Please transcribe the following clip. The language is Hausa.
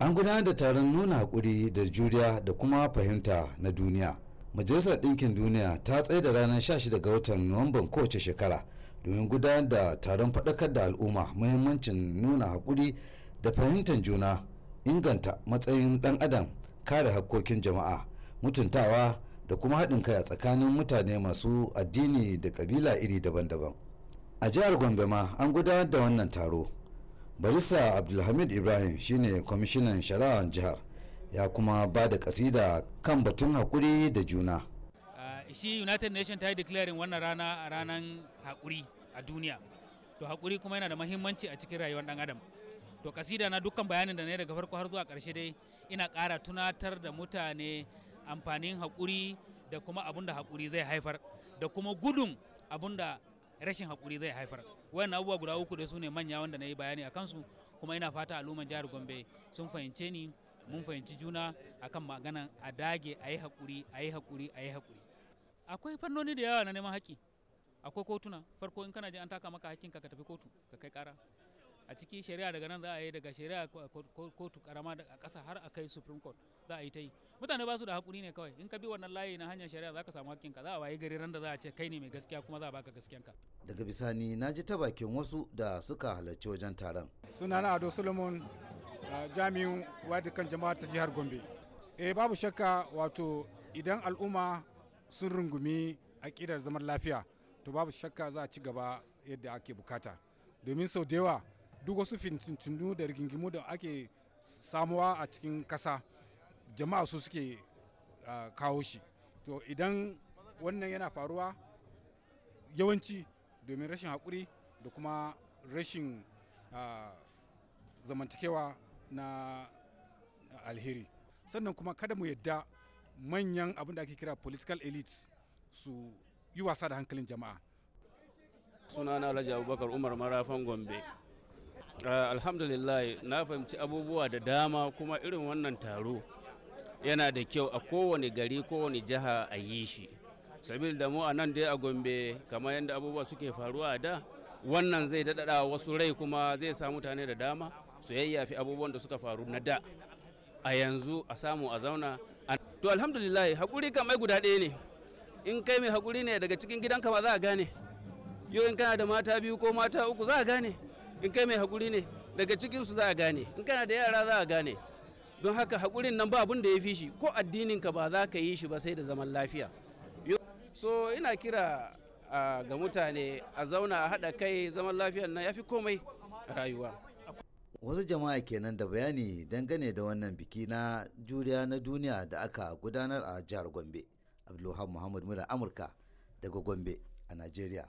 an gudanar da taron nuna hakuri da juriya da kuma fahimta na duniya majalisar ɗinkin duniya ta tsaye da ranar 16 ga watan nuwamban kowace shekara domin gudanar da taron faɗakar da al'umma muhimmancin nuna hakuri da fahimtar juna inganta matsayin ɗan adam kare hakkokin jama'a mutuntawa da kuma haɗin kai a tsakanin mutane masu addini da ƙabila iri daban-daban a jihar gombe ma an gudanar da wannan taro barista abdulhamid ibrahim shine kwamishinan shari'ar jihar ya kuma ba da kasida kan batun haƙuri da juna ah, shi united nations ta yi declaring wannan rana a ranar haƙuri a duniya to haƙuri kuma yana da mahimmanci a cikin rayuwar ɗan adam to kasida na dukkan bayanin da na daga farko har zuwa ƙarshe dai ina ƙara tunatar da mutane amfanin haƙuri da kuma abun da haƙuri zai haifar da kuma gudun abun da rashin haƙuri zai haifar wayan abubuwa guda uku da su ne manya wanda na yi bayani a kansu kuma ina fata al'umman jihar gombe sun fahimce ni mun fahimci juna akan maganan a dage a yi haƙuri a yi haƙuri a yi haƙuri akwai fannoni da yawa na neman haƙƙi akwai kotuna farko in kana je an taka maka haƙƙinka ka tafi kotu ka kai ƙara a cikin shari'a daga nan za a yi daga shari'a kotu karama a kasa har a kai supreme court za a yi ta yi mutane ba su da haƙuri ne kawai in ka bi wannan layi na hanyar shari'a za ka samu ka za a wayi gari ran da za a ce kai ne mai gaskiya kuma za a baka gaskiyanka daga bisani na ji ta bakin wasu da suka halarci wajen taron na ado solomon jami'in kan jama'a ta jihar gombe e babu shakka wato idan al'umma sun rungumi akidar zaman lafiya to babu shakka za a ci gaba yadda ake bukata domin sau da yawa duk wasu fintintunu da rigingimu da ake samuwa a cikin kasa jama'a su suke kawo shi to idan wannan yana faruwa yawanci domin rashin haƙuri da kuma rashin zamantakewa na alheri sannan kuma kada mu yadda manyan abin da ake kira political elites su yi wasa da hankalin jama'a sunana alhaji abubakar umar marafan gombe Ah, alhamdulillah na fahimci abubuwa da dama kuma irin wannan taro yana da kyau a kowane gari kowane jiha a yi shi sabil da mu a nan dai a gombe kamar yadda abubuwa suke faruwa a da wannan zai daɗaɗa wasu rai kuma zai sa mutane da dama su yayyafi abubuwan da suka faru na da a yanzu a samu a zauna to alhamdulillah haƙuri kan mai guda ɗaya ne in kai mai haƙuri ne daga cikin gidanka ba za a gane yau in kana da mata biyu ko mata uku za a gane in kai mai haƙuri ne daga cikinsu za a gane in kana da yara za a gane don haka haƙurin nan ba abin da ya fi shi ko addininka ba za ka yi shi ba sai da zaman lafiya so ina kira ga mutane a zauna a haɗa kai zaman lafiya nan ya fi komai rayuwa wasu jama'a kenan da bayani dangane da wannan biki na juriya na duniya da aka gudanar a jihar gombe abdulhamid muhammad mura amurka daga gombe a najeriya